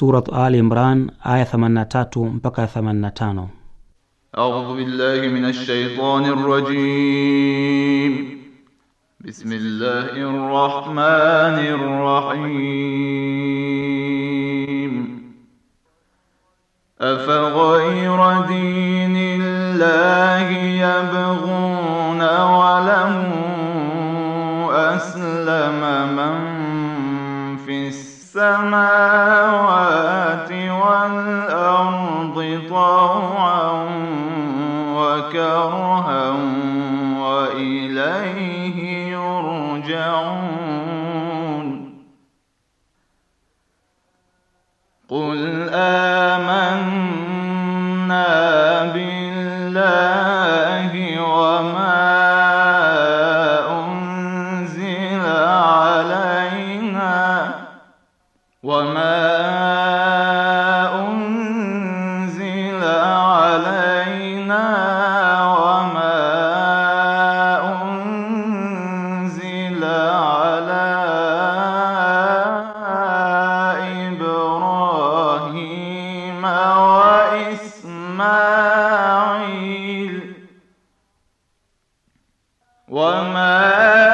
سورة آل Imran آية 83 mpaka 85. أعوذ بالله من الشيطان الرجيم بسم الله الرحمن الرحيم أفغير دين وما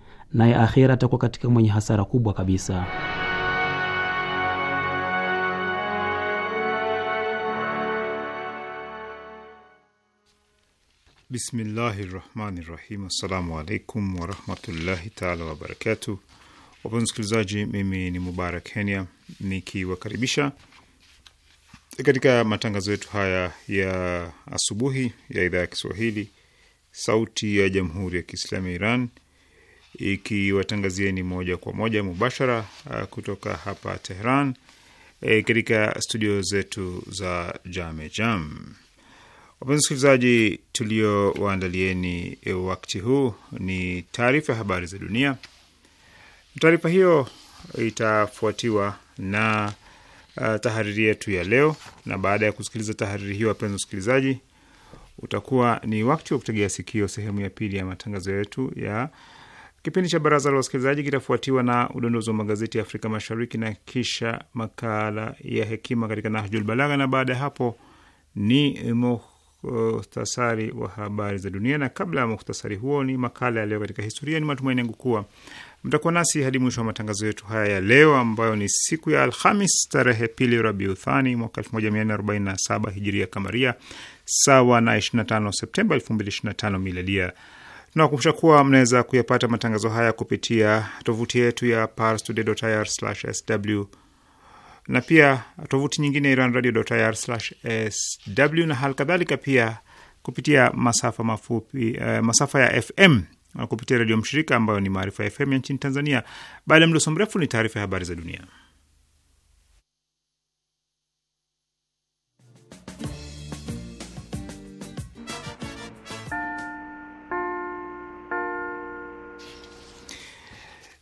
naye akhera atakuwa katika mwenye hasara kubwa kabisa. Bismillahi rahmani rahim. Assalamu alaikum warahmatullahi taala wabarakatu. Wapenzi msikilizaji, mimi ni Mubarak Kenya nikiwakaribisha katika matangazo yetu haya ya asubuhi ya idhaa ya Kiswahili sauti ya jamhuri ya Kiislamu ya Iran ikiwatangazieni moja kwa moja mubashara uh, kutoka hapa Tehran e, katika studio zetu za Jame Jam. Wapenzi wasikilizaji, tuliowaandalieni uh, wakati huu ni taarifa ya habari za dunia. Taarifa hiyo itafuatiwa na uh, tahariri yetu ya leo, na baada ya kusikiliza tahariri hiyo, wapenzi wasikilizaji, utakuwa ni wakati wa kutegea sikio sehemu ya pili ya matangazo yetu ya Kipindi cha baraza la wasikilizaji kitafuatiwa na udondozi wa magazeti ya Afrika Mashariki na kisha makala ya hekima katika Nahjul Balagha, na baada ya hapo ni muhtasari wa habari za dunia, na kabla ya muhtasari huo ni makala ya leo katika historia. Ni matumaini yangu kuwa mtakuwa nasi hadi mwisho wa matangazo yetu haya ya leo, ambayo ni siku ya Alhamis tarehe pili Rabiuthani mwaka 1447 hijiria kamaria, sawa na 25 Septemba 2025 miladia na kuwa mnaweza kuyapata matangazo haya kupitia tovuti yetu ya parstoday.ir/sw na pia tovuti nyingine ya iranradio.ir/sw na hali kadhalika pia kupitia masafa mafupi, eh, masafa ya FM kupitia redio mshirika ambayo ni Maarifa FM ya nchini Tanzania. Baada ya mdoso mrefu ni taarifa ya habari za dunia.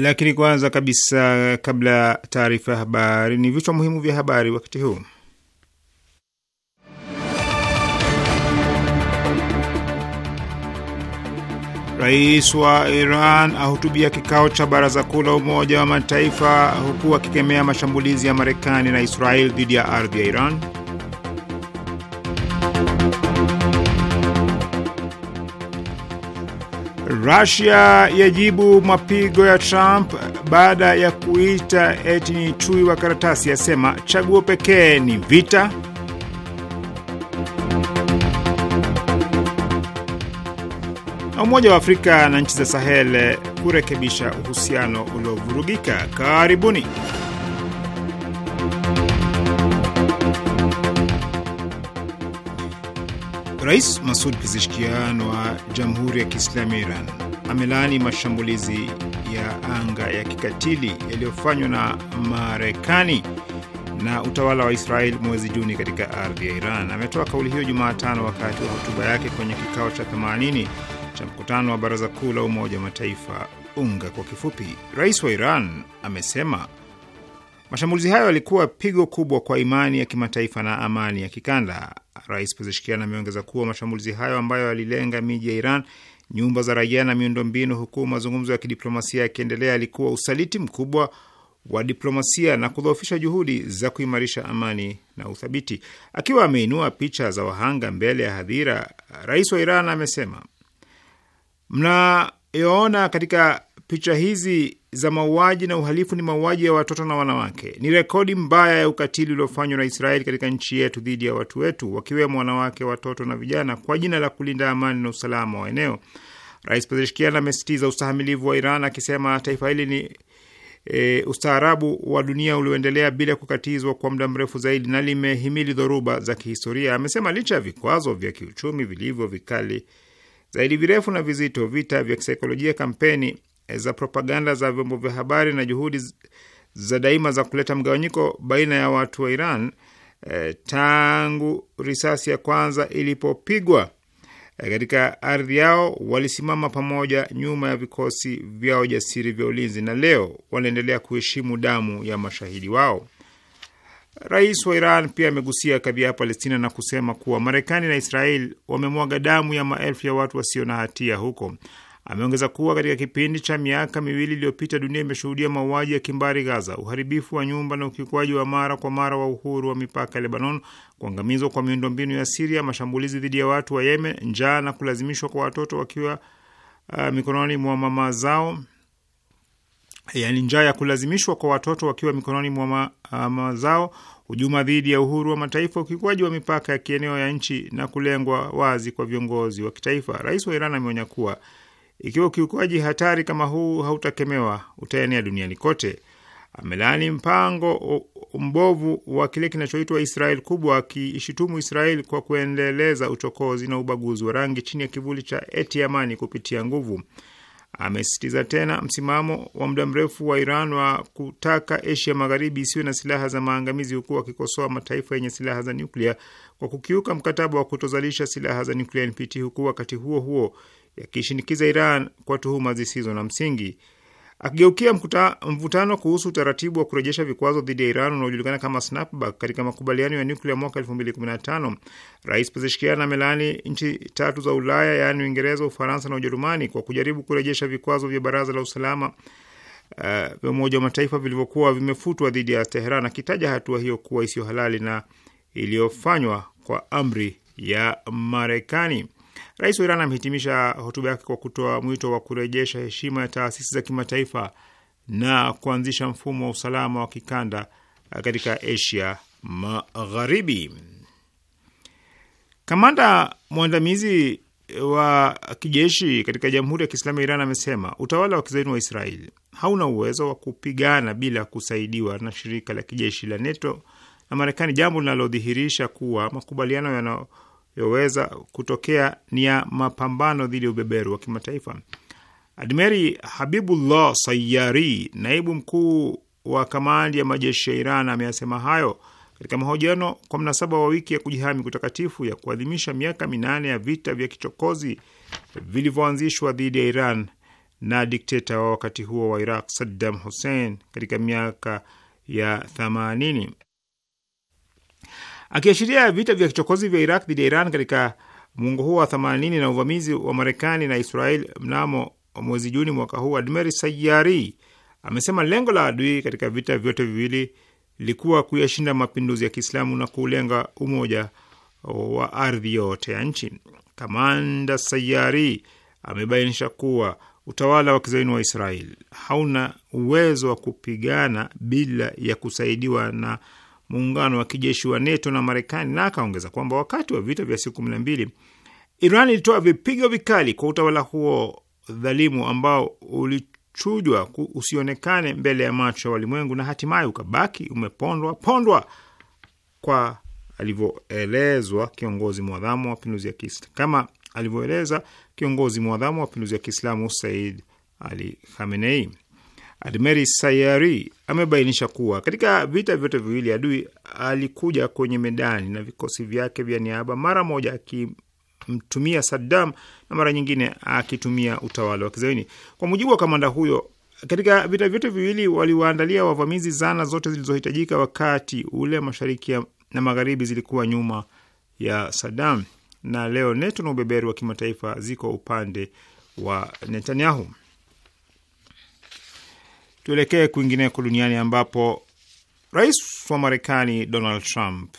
Lakini kwanza kabisa, kabla ya taarifa ya habari, ni vichwa muhimu vya habari wakati huu. Rais wa Iran ahutubia kikao cha baraza kuu la Umoja wa Mataifa huku akikemea mashambulizi ya Marekani na Israel dhidi ya ardhi ya Iran. Rusia yajibu mapigo ya Trump baada ya kuita eti ni chui wa karatasi, yasema chaguo pekee ni vita. Na Umoja wa Afrika na nchi za Sahel kurekebisha uhusiano uliovurugika. Karibuni. Rais Masud Pezeshkian wa Jamhuri ya Kiislamu ya Iran amelaani mashambulizi ya anga ya kikatili yaliyofanywa na Marekani na utawala wa Israel mwezi Juni katika ardhi ya Iran. Ametoa kauli hiyo Jumatano wakati wa hotuba yake kwenye kikao cha 80 cha mkutano wa Baraza Kuu la Umoja wa Mataifa, UNGA kwa kifupi. Rais wa Iran amesema Mashambulizi hayo yalikuwa pigo kubwa kwa imani ya kimataifa na amani ya kikanda. Rais Pezeshkian ameongeza kuwa mashambulizi hayo ambayo yalilenga miji ya Iran, nyumba za raia na miundo mbinu huku mazungumzo ya kidiplomasia yakiendelea, yalikuwa usaliti mkubwa wa diplomasia na kudhoofisha juhudi za kuimarisha amani na uthabiti. Akiwa ameinua picha za wahanga mbele ya hadhira, rais wa Iran amesema, mnayoona katika picha hizi za mauaji na uhalifu ni mauaji ya watoto na wanawake. Ni rekodi mbaya ya ukatili uliofanywa na Israeli katika nchi yetu dhidi ya watu wetu, wakiwemo wanawake, watoto na vijana, kwa jina la kulinda amani na usalama wa eneo. Rais Pezeshkian amesitiza ustahamilivu wa Iran akisema taifa hili ni e, ustaarabu wa dunia ulioendelea bila kukatizwa kwa muda mrefu zaidi na limehimili dhoruba za kihistoria. Amesema licha ya vikwazo vya kiuchumi vilivyo vikali zaidi, virefu na vizito, vita vya kisaikolojia, kampeni za propaganda za vyombo vya habari na juhudi za daima za kuleta mgawanyiko baina ya watu wa Iran e, tangu risasi ya kwanza ilipopigwa e, katika ardhi yao walisimama pamoja nyuma ya vikosi vyao jasiri vya ulinzi na leo wanaendelea kuheshimu damu ya mashahidi wao. Rais wa Iran pia amegusia kadhia ya Palestina na kusema kuwa Marekani na Israel wamemwaga damu ya maelfu ya watu wasio na hatia huko. Ameongeza kuwa katika kipindi cha miaka miwili iliyopita dunia imeshuhudia mauaji ya kimbari Gaza, uharibifu wa nyumba na ukiukwaji wa mara kwa mara wa uhuru wa mipaka ya Lebanon, kuangamizwa kwa miundombinu ya Siria, mashambulizi dhidi ya watu wa Yemen, njaa na kulazimishwa kwa watoto wakiwa uh, mikononi mwa mama zao yaani njaa ya kulazimishwa kwa watoto wakiwa mikononi mwa uh, mama zao, hujuma dhidi ya uhuru wa mataifa, ukiukwaji wa mipaka ya kieneo ya nchi na kulengwa wazi kwa viongozi wa kitaifa. Rais wa Iran ameonya kuwa ikiwa ukiukaji hatari kama huu hautakemewa, utaenea duniani kote. Amelaani mpango mbovu wa kile kinachoitwa Israel kubwa, akiishutumu Israel kwa kuendeleza uchokozi na ubaguzi wa rangi chini ya kivuli cha eti amani kupitia nguvu. Amesisitiza tena msimamo wa muda mrefu wa Iran wa kutaka Asia Magharibi isiwe na silaha za maangamizi, huku akikosoa mataifa yenye silaha za nyuklia kwa kukiuka mkataba wa kutozalisha silaha za nyuklia NPT, huku wakati huo huo yakishinikiza Iran kwa tuhuma zisizo na msingi. Akigeukia mvutano kuhusu utaratibu wa kurejesha vikwazo dhidi ya Iran unaojulikana kama snapback katika makubaliano ya nyuklia mwaka 2015, Rais Pezeshkian amelaani nchi tatu za Ulaya, yaani Uingereza, Ufaransa na Ujerumani kwa kujaribu kurejesha vikwazo vya Baraza la Usalama eh, vya uh, Umoja wa Mataifa vilivyokuwa vimefutwa dhidi ya Teheran, akitaja hatua hiyo kuwa isiyo halali na iliyofanywa kwa amri ya Marekani. Rais wa Iran amehitimisha hotuba yake kwa kutoa mwito wa kurejesha heshima ya taasisi za kimataifa na kuanzisha mfumo wa usalama wa kikanda katika Asia Magharibi. Kamanda mwandamizi wa kijeshi katika Jamhuri ya Kiislamu ya Iran amesema utawala wa kizaini wa Israeli hauna uwezo wa kupigana bila kusaidiwa na shirika la kijeshi la NATO na Marekani, jambo linalodhihirisha kuwa makubaliano yanao yaweza kutokea ni ya mapambano dhidi ya ubeberu wa kimataifa. Admeri Habibullah Sayari, naibu mkuu wa kamandi ya majeshi ya Iran, ameyasema hayo katika mahojiano kwa mnasaba wa wiki ya kujihami kutakatifu ya kuadhimisha miaka minane ya vita vya kichokozi vilivyoanzishwa dhidi ya Iran na dikteta wa wakati huo wa Iraq Saddam Hussein katika miaka ya 80 akiashiria vita vya kichokozi vya Iraq dhidi ya Iran katika muongo huo wa 80 na uvamizi wa Marekani na Israel mnamo mwezi Juni mwaka huu, Admeri Sayari amesema lengo la adui katika vita vyote viwili likuwa kuyashinda mapinduzi ya Kiislamu na kulenga umoja wa ardhi yote ya nchi. Kamanda Sayari amebainisha kuwa utawala wa kizaini wa Israel hauna uwezo wa kupigana bila ya kusaidiwa na muungano wa kijeshi wa NATO na Marekani, na akaongeza kwamba wakati wa vita vya siku kumi na mbili Iran ilitoa vipigo vikali kwa utawala huo dhalimu ambao ulichujwa usionekane mbele ya macho ya walimwengu na hatimaye ukabaki umepondwa pondwa, kwa alivyoelezwa kiongozi mwadhamu wa mapinduzi ya Kiislamu, kama alivyoeleza kiongozi mwadhamu wa mapinduzi ya Kiislamu Said Ali Khamenei. Admeri Sayari amebainisha kuwa katika vita vyote viwili adui alikuja kwenye medani na vikosi vyake vya niaba, mara moja akimtumia Saddam na mara nyingine akitumia utawala wa Kizaini. Kwa mujibu wa kamanda huyo, katika vita vyote viwili waliwaandalia wavamizi zana zote zilizohitajika. Wakati ule mashariki na magharibi zilikuwa nyuma ya Saddam, na leo NETO na ubeberu wa kimataifa ziko upande wa Netanyahu. Tuelekee kwingineko duniani ambapo rais wa Marekani Donald Trump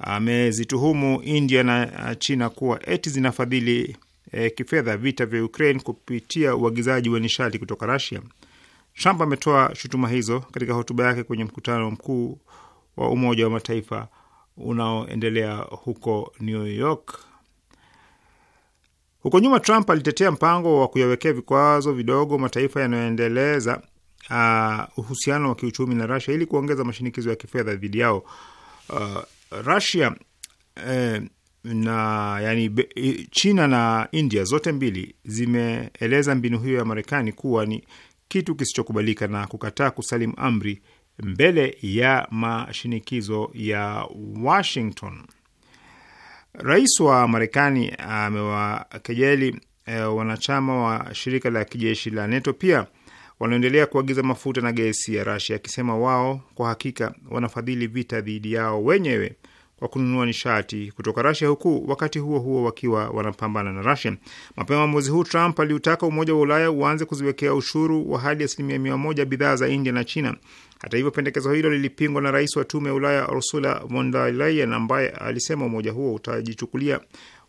amezituhumu India na China kuwa eti zinafadhili e, kifedha vita vya Ukraine kupitia uagizaji wa nishati kutoka rasia Trump ametoa shutuma hizo katika hotuba yake kwenye mkutano mkuu wa Umoja wa Mataifa unaoendelea huko New York huko nyuma, Trump alitetea mpango wa kuyawekea vikwazo vidogo mataifa yanayoendeleza uh, uhusiano wa kiuchumi na Russia ili kuongeza mashinikizo ya kifedha dhidi yao. Uh, Russia eh, na yani, China na India zote mbili zimeeleza mbinu hiyo ya Marekani kuwa ni kitu kisichokubalika na kukataa kusalimu amri mbele ya mashinikizo ya Washington. Rais wa Marekani amewakejeli e, wanachama wa shirika la kijeshi la NATO pia wanaendelea kuagiza mafuta na gesi ya Rasia, akisema wao kwa hakika wanafadhili vita dhidi yao wenyewe kwa kununua nishati kutoka Rasia, huku wakati huo huo wakiwa wanapambana na Rasia. Mapema mwezi huu Trump aliutaka Umoja wa Ulaya uanze kuziwekea ushuru wa hadi asilimia mia moja bidhaa za India na China hata hivyo, pendekezo hilo lilipingwa na rais wa tume ya Ulaya Ursula von der Leyen ambaye alisema umoja huo utajichukulia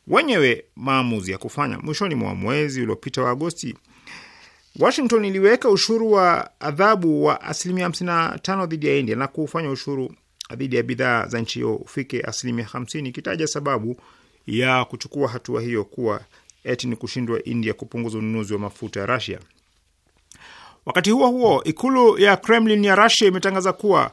wenyewe maamuzi ya kufanya. Mwishoni mwa mwezi uliopita wa Agosti, Washington iliweka ushuru wa adhabu wa asilimia 55 dhidi ya India na kufanya ushuru dhidi ya bidhaa za nchi hiyo ufike asilimia 50, ikitaja sababu ya kuchukua hatua hiyo kuwa eti ni kushindwa India kupunguza ununuzi wa mafuta ya Russia. Wakati huo huo, ikulu ya Kremlin ya Rusia imetangaza kuwa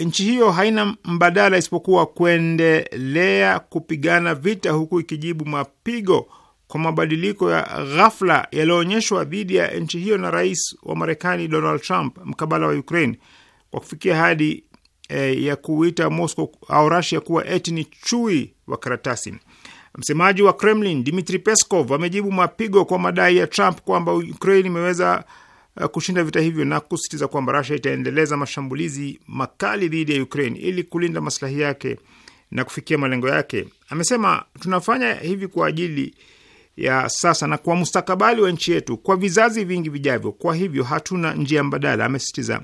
nchi hiyo haina mbadala isipokuwa kuendelea kupigana vita, huku ikijibu mapigo kwa mabadiliko ya ghafla yaliyoonyeshwa dhidi ya nchi hiyo na rais wa Marekani Donald Trump mkabala wa Ukraine kwa kufikia hadi e, ya kuita Moscow au Russia kuwa eti ni chui wa karatasi. Msemaji wa Kremlin Dmitri Peskov amejibu mapigo kwa madai ya Trump kwamba Ukraine imeweza Eh, kushinda vita hivyo na kusisitiza kwamba Russia itaendeleza mashambulizi makali dhidi ya Ukraine ili kulinda maslahi yake na kufikia malengo yake. Amesema tunafanya hivi kwa ajili ya sasa na kwa mustakabali wa nchi yetu, kwa vizazi vingi vijavyo, kwa hivyo hatuna njia mbadala, amesisitiza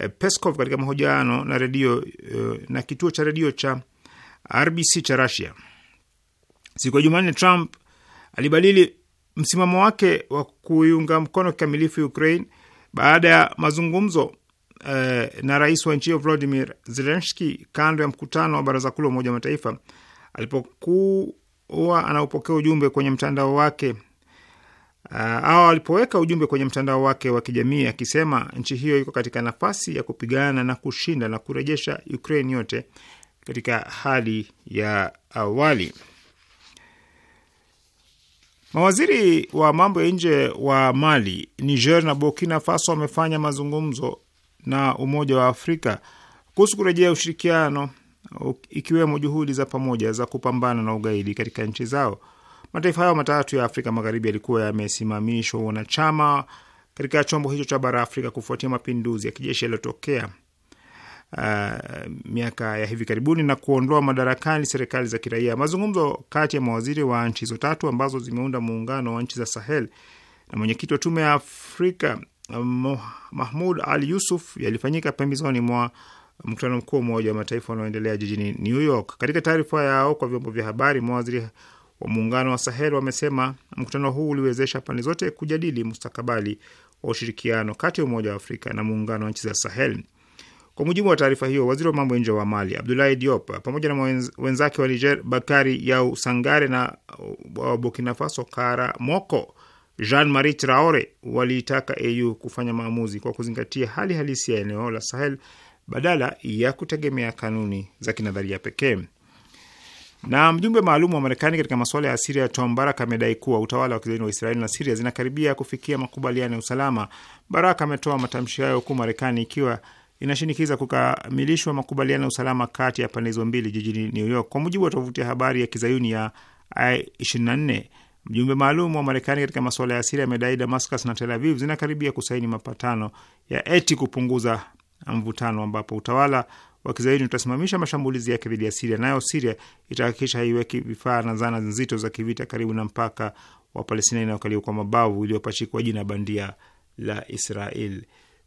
eh, Peskov katika mahojiano na redio eh, na kituo cha redio cha RBC cha Russia siku ya Jumanne. Trump alibadili msimamo wake wa kuiunga mkono kikamilifu Ukraine baada ya mazungumzo eh, na rais wa nchi hiyo Volodymyr zelenski kando ya mkutano wa Baraza Kuu la Umoja wa Mataifa alipokuwa anaupokea ujumbe kwenye mtandao wake Uh, au alipoweka ujumbe kwenye mtandao wake wa kijamii akisema nchi hiyo iko katika nafasi ya kupigana na kushinda na kurejesha Ukraine yote katika hali ya awali. Mawaziri wa mambo ya nje wa Mali, Niger na Burkina Faso wamefanya mazungumzo na Umoja wa Afrika kuhusu kurejea ushirikiano, ikiwemo juhudi za pamoja za kupambana na ugaidi katika nchi zao. Mataifa hayo matatu ya Afrika Magharibi yalikuwa yamesimamishwa wanachama katika chombo hicho cha bara Afrika kufuatia mapinduzi ya kijeshi yaliyotokea uh, miaka ya hivi karibuni na kuondoa madarakani serikali za kiraia. Mazungumzo kati ya mawaziri wa nchi hizo tatu ambazo zimeunda muungano wa nchi za Sahel na mwenyekiti wa tume ya Afrika um, Mahmud Al Yusuf yalifanyika pembezoni mwa mkutano mkuu wa Umoja wa Mataifa unaoendelea jijini New York. Katika taarifa yao kwa vyombo vya habari, mawaziri wa muungano wa Sahel wamesema mkutano huu uliwezesha pande zote kujadili mustakabali wa ushirikiano kati ya Umoja wa Afrika na muungano wa nchi za Sahel. Kwa mujibu wa taarifa hiyo, waziri wa mambo ya nje wa Mali Abdoulaye Diop pamoja na wenzake wa Niger Bakari Yau Sangare na uh, wa Burkina Faso Moko Jean Marie Traore waliitaka AU kufanya maamuzi kwa kuzingatia hali halisi ya eneo la Sahel badala ya kutegemea kanuni za kinadharia pekee. Na mjumbe maalum wa Marekani katika masuala ya Siria Tom Barak amedai kuwa utawala wa kizaini wa Israeli na Siria zinakaribia kufikia makubaliano ya usalama. barak ametoa matamshi hayo huku Marekani ikiwa inashinikiza kukamilishwa makubaliano ya usalama kati ya pande hizo mbili jijini New York. Kwa mujibu wa tovuti ya habari ya kizayuni ya I24, mjumbe maalum wa Marekani katika masuala ya Siria amedai Damascus na Tel Aviv zinakaribia kusaini mapatano ya eti kupunguza mvutano, ambapo utawala wa kizayuni utasimamisha mashambulizi yake dhidi ya Siria, nayo Siria itahakikisha haiweki vifaa na zana nzito za kivita karibu na mpaka wa Palestina inayokaliwa kwa mabavu iliyopachikwa jina bandia la Israel.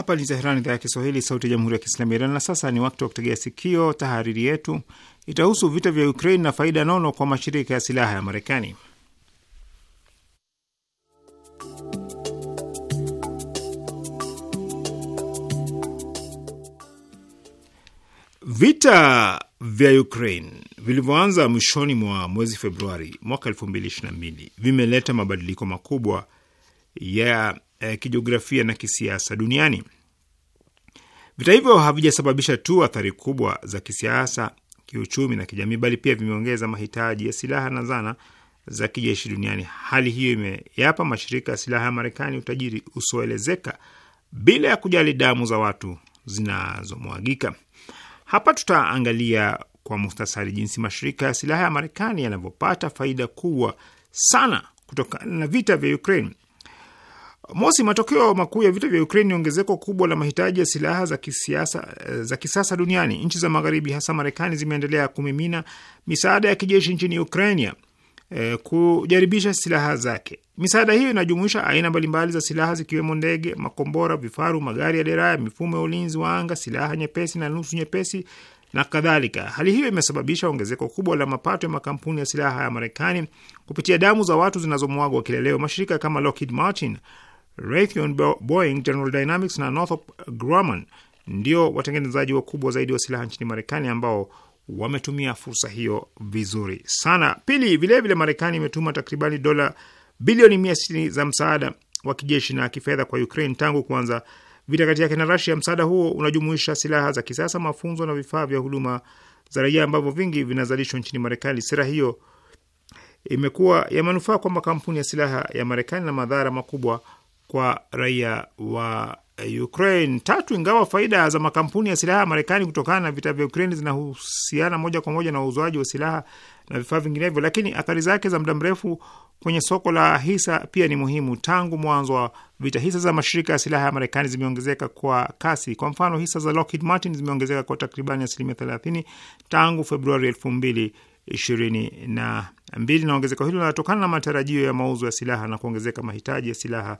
Hapa ni Teheran, idhaa ya Kiswahili, sauti ya jamhuri ya kiislamu ya Iran. Na sasa ni wakati wa kutegea sikio. Tahariri yetu itahusu vita vya Ukraine na faida nono kwa mashirika ya silaha ya Marekani. Vita vya Ukraine vilivyoanza mwishoni mwa mwezi Februari mwaka 2022 vimeleta mabadiliko makubwa ya eh, kijiografia na kisiasa duniani. Vita hivyo havijasababisha tu athari kubwa za kisiasa, kiuchumi na kijamii, bali pia vimeongeza mahitaji ya silaha na zana za kijeshi duniani. Hali hiyo imeyapa mashirika ya silaha ya Marekani utajiri usioelezeka bila ya kujali damu za watu zinazomwagika. Hapa tutaangalia kwa muhtasari jinsi mashirika ya silaha ya Marekani yanavyopata faida kubwa sana kutokana na vita vya Ukraine. Mosi, matokeo makuu ya vita vya Ukraine ni ongezeko kubwa la mahitaji ya silaha za kisiasa, eh, za kisasa duniani. Nchi za magharibi hasa Marekani zimeendelea kumimina misaada ya kijeshi nchini Ukraine eh, kujaribisha silaha zake. Misaada hiyo inajumuisha aina mbalimbali za silaha zikiwemo ndege, makombora, vifaru, magari ya deraya, mifumo ya ulinzi wa anga, silaha nyepesi na nusu nyepesi na kadhalika. Hali hiyo imesababisha ongezeko kubwa la mapato ya makampuni ya silaha ya Marekani kupitia damu za watu zinazomwagwa kila leo. Mashirika kama Lockheed Martin Raytheon, Boeing, General Dynamics na Northrop Grumman ndio watengenezaji wakubwa zaidi wa silaha nchini Marekani ambao wametumia fursa hiyo vizuri sana. Pili, vilevile Marekani imetuma takribani dola bilioni mia sitini za msaada wa kijeshi na kifedha kwa Ukraine tangu kuanza vita kati yake na Rasia. Msaada huo unajumuisha silaha za kisasa, mafunzo na vifaa vya huduma za raia ambavyo vingi vinazalishwa nchini Marekani. Sera hiyo imekuwa ya manufaa kwa makampuni ya silaha ya Marekani na madhara makubwa kwa raia wa Ukraine. Tatu, ingawa faida za makampuni ya silaha ya Marekani kutokana na vita vya Ukraine zinahusiana moja kwa moja na uuzaji wa silaha na vifaa vinginevyo, lakini athari zake za muda mrefu kwenye soko la hisa pia ni muhimu. Tangu mwanzo wa vita, hisa za mashirika ya silaha ya Marekani zimeongezeka kwa kasi. Kwa mfano, hisa za Lockheed Martin zimeongezeka kwa takribani asilimia thelathini tangu Februari elfu mbili ishirini na mbili, na ongezeko hilo linatokana na matarajio ya mauzo ya silaha na kuongezeka mahitaji ya silaha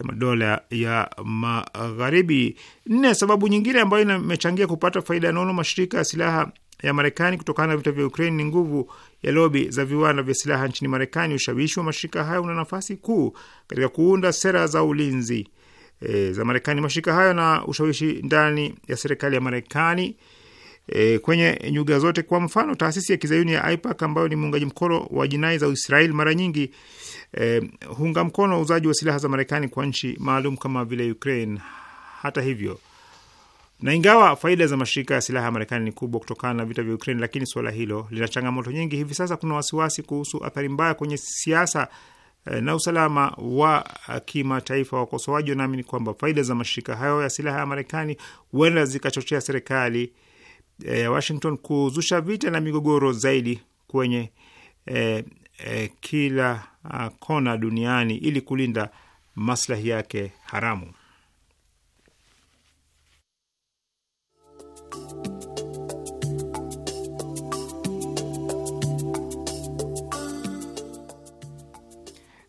ya madola ya Magharibi. Nne, sababu nyingine ambayo imechangia kupata faida nono mashirika ya silaha ya Marekani kutokana na vita vya Ukraine ni nguvu ya lobi za viwanda vya silaha nchini Marekani. Ushawishi wa mashirika hayo una nafasi kuu katika kuunda sera za ulinzi e, za Marekani. Mashirika hayo na ushawishi ndani ya serikali ya Marekani e, kwenye nyuga zote. Kwa mfano, taasisi ya kizayuni ya AIPAC ambayo ni muungaji mkono wa jinai za Israel mara nyingi e, huunga mkono wauzaji wa silaha za Marekani kwa nchi maalum kama vile Ukraine. Hata hivyo na ingawa faida za mashirika ya silaha ya Marekani ni kubwa kutokana na vita vya Ukraine, lakini suala hilo lina changamoto nyingi. Hivi sasa kuna wasiwasi kuhusu athari mbaya kwenye siasa e, na usalama wa kimataifa. Wakosoaji wanaamini kwamba faida za mashirika hayo ya silaha ya Marekani huenda zikachochea serikali Eh, ya Washington kuzusha vita na migogoro zaidi kwenye eh, eh, kila uh, kona duniani ili kulinda maslahi yake haramu.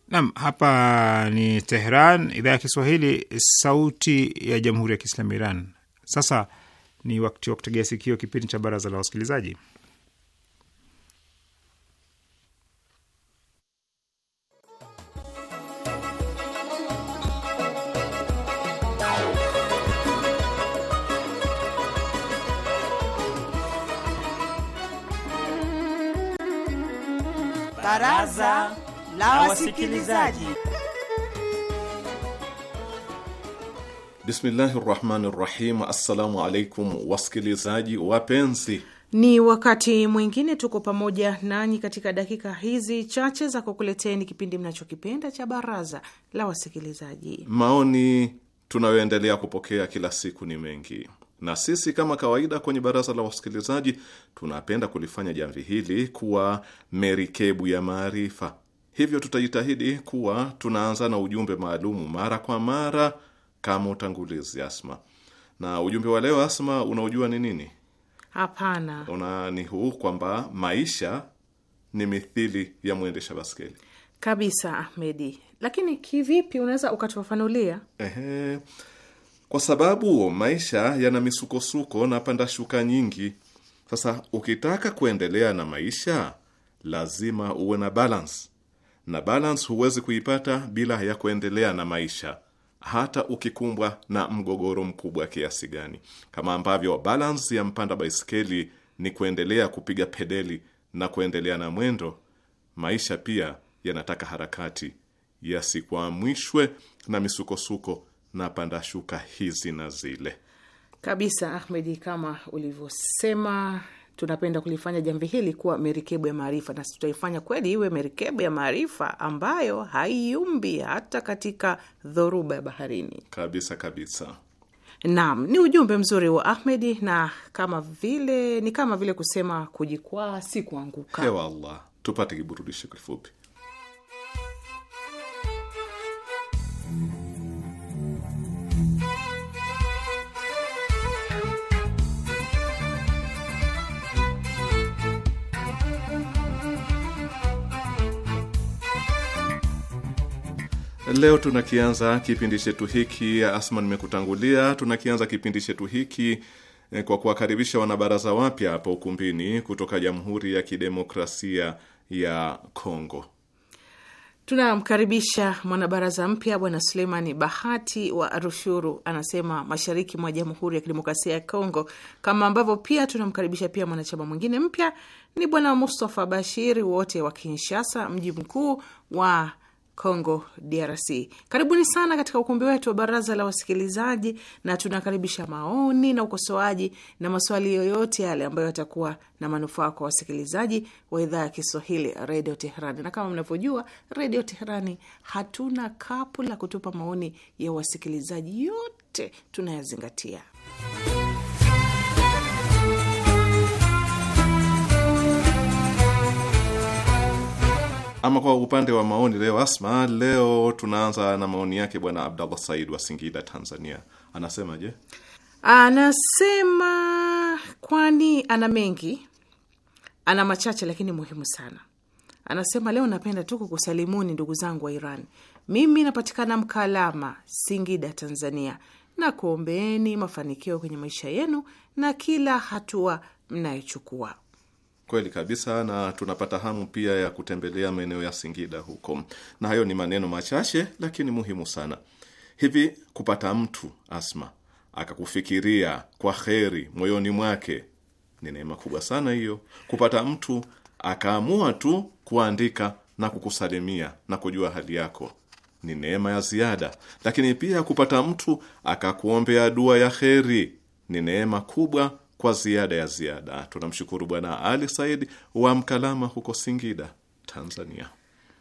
Nam, hapa ni Tehran, idhaa ya Kiswahili, sauti ya jamhuri ya kiislamu Iran. Sasa ni wakati wa kutegea sikio kipindi cha baraza la wasikilizaji. Baraza la wasikilizaji. Bismillahi rahmani rahim. Assalamu alaikum wasikilizaji wapenzi, ni wakati mwingine tuko pamoja nanyi katika dakika hizi chache za kukuleteni kipindi mnachokipenda cha Baraza la Wasikilizaji. Maoni tunayoendelea kupokea kila siku ni mengi, na sisi kama kawaida kwenye Baraza la Wasikilizaji tunapenda kulifanya jamvi hili kuwa merikebu ya maarifa. Hivyo tutajitahidi kuwa tunaanza na ujumbe maalumu mara kwa mara kama utangulizi Asma. Na ujumbe wa leo Asma, unaojua ni nini? Hapana, una ni huu kwamba maisha ni mithili ya mwendesha baskeli kabisa, Ahmedi. Lakini kivipi? Unaweza ukatufafanulia? Ehe, kwa sababu maisha yana misukosuko na panda shuka nyingi. Sasa ukitaka kuendelea na maisha lazima uwe na balance, na balance huwezi kuipata bila ya kuendelea na maisha hata ukikumbwa na mgogoro mkubwa kiasi gani. Kama ambavyo balansi ya mpanda baiskeli ni kuendelea kupiga pedeli na kuendelea na mwendo, maisha pia yanataka harakati, yasikwamishwe na misukosuko na pandashuka hizi na zile. Kabisa Ahmedi, kama ulivyosema tunapenda kulifanya jamvi hili kuwa merikebu ya maarifa, na tutaifanya kweli iwe merikebu ya maarifa ambayo haiumbi hata katika dhoruba ya baharini kabisa kabisa. Naam, ni ujumbe mzuri wa Ahmedi, na kama vile ni kama vile kusema kujikwaa si kuanguka. Hewa Allah, tupate kiburudishi kifupi. Leo tunakianza kipindi chetu hiki, Asma nimekutangulia, tunakianza kipindi chetu hiki eh, kwa kuwakaribisha wanabaraza wapya hapa ukumbini kutoka Jamhuri ya Kidemokrasia ya Kongo. Tunamkaribisha mwanabaraza mpya Bwana Suleimani Bahati wa Rushuru, anasema mashariki mwa Jamhuri ya Kidemokrasia ya Kongo, kama ambavyo pia tunamkaribisha pia mwanachama mwingine mpya ni Bwana Mustafa Bashiri, wote wa Kinshasa, mji mkuu wa congo DRC. Karibuni sana katika ukumbi wetu wa baraza la wasikilizaji, na tunakaribisha maoni na ukosoaji na maswali yoyote yale ambayo yatakuwa na manufaa kwa wasikilizaji wa idhaa ya Kiswahili Redio Teherani. Na kama mnavyojua, Redio Teherani hatuna kapu la kutupa maoni ya wasikilizaji, yote tunayazingatia. Ama kwa upande wa maoni leo, Asma, leo tunaanza na maoni yake Bwana Abdallah Said wa Singida, Tanzania. Anasema je? Anasema kwani ana mengi, ana machache lakini muhimu sana. Anasema leo napenda tu kukusalimuni ndugu zangu wa Iran. Mimi napatikana Mkalama, Singida, Tanzania, na kuombeeni mafanikio kwenye maisha yenu na kila hatua mnayochukua. Kweli kabisa, na tunapata hamu pia ya kutembelea maeneo ya Singida huko. Na hayo ni maneno machache, lakini muhimu sana. Hivi kupata mtu Asma akakufikiria kwa kheri moyoni mwake ni neema kubwa sana hiyo. Kupata mtu akaamua tu kuandika na kukusalimia na kujua hali yako ni neema ya ziada. Lakini pia kupata mtu akakuombea dua ya kheri ni neema kubwa kwa ziada ya ziada. Tunamshukuru Bwana Ali Said wa Mkalama huko Singida, Tanzania.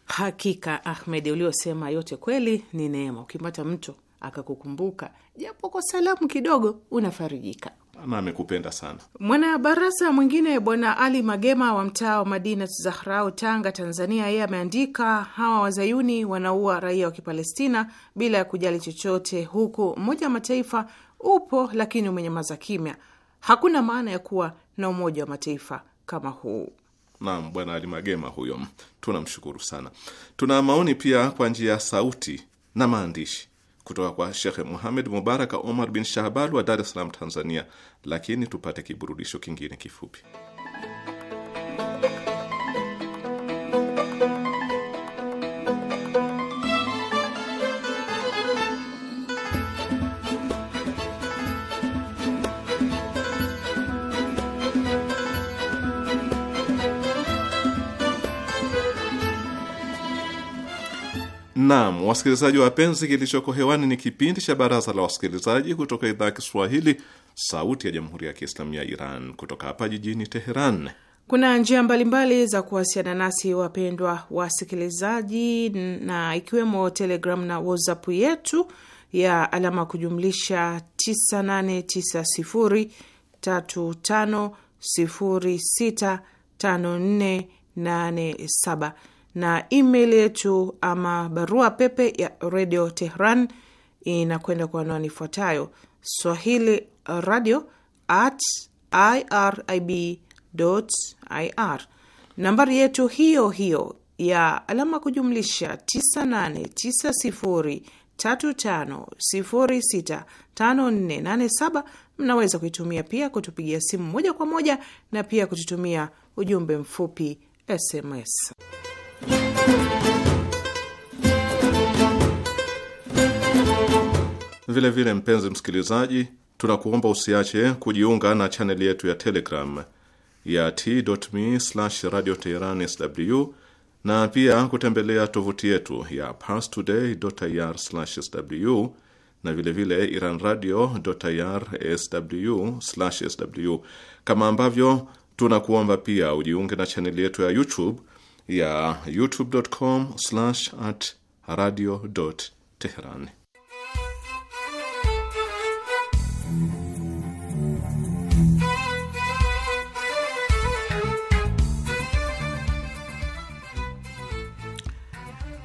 Hakika Ahmed, uliosema yote kweli ni neema. Ukimpata mtu akakukumbuka japo kwa salamu kidogo, unafarijika na amekupenda sana. Mwanabaraza mwingine Bwana Ali Magema wa mtaa wa Madina Zahrau, Tanga, Tanzania, yeye ameandika hawa wazayuni wanaua raia wa Kipalestina bila ya kujali chochote, huku Umoja wa Mataifa upo lakini umenyamaza kimya hakuna maana ya kuwa na Umoja wa Mataifa kama huu. Naam, Bwana Ali Magema huyo, tunamshukuru sana. Tuna maoni pia kwa njia ya sauti na maandishi kutoka kwa Shekhe Muhamed Mubaraka Omar bin Shahbal wa Dar es Salaam, Tanzania, lakini tupate kiburudisho kingine kifupi. Naam, wasikilizaji wapenzi, kilichoko hewani ni kipindi cha Baraza la Wasikilizaji kutoka idhaa ya Kiswahili, Sauti ya Jamhuri ya Kiislamu ya Iran, kutoka hapa jijini Teheran. Kuna njia mbalimbali za kuwasiliana nasi, wapendwa wasikilizaji, na ikiwemo Telegram na WhatsApp yetu ya alama kujumlisha 989035065487 na email yetu ama barua pepe ya redio Tehran inakwenda kwa anwani ifuatayo: swahili radio at irib ir. Nambari yetu hiyo hiyo ya alama kujumlisha 989035065487 mnaweza kuitumia pia kutupigia simu moja kwa moja na pia kututumia ujumbe mfupi SMS. Vile vile, mpenzi msikilizaji, tunakuomba usiache kujiunga na chaneli yetu ya Telegram ya t.me radio teheran sw na pia kutembelea tovuti yetu ya pastoday ir sw na vilevile Iran radio ir sw sw, kama ambavyo tunakuomba pia ujiunge na chaneli yetu ya YouTube ya youtube.com at radio Teheran.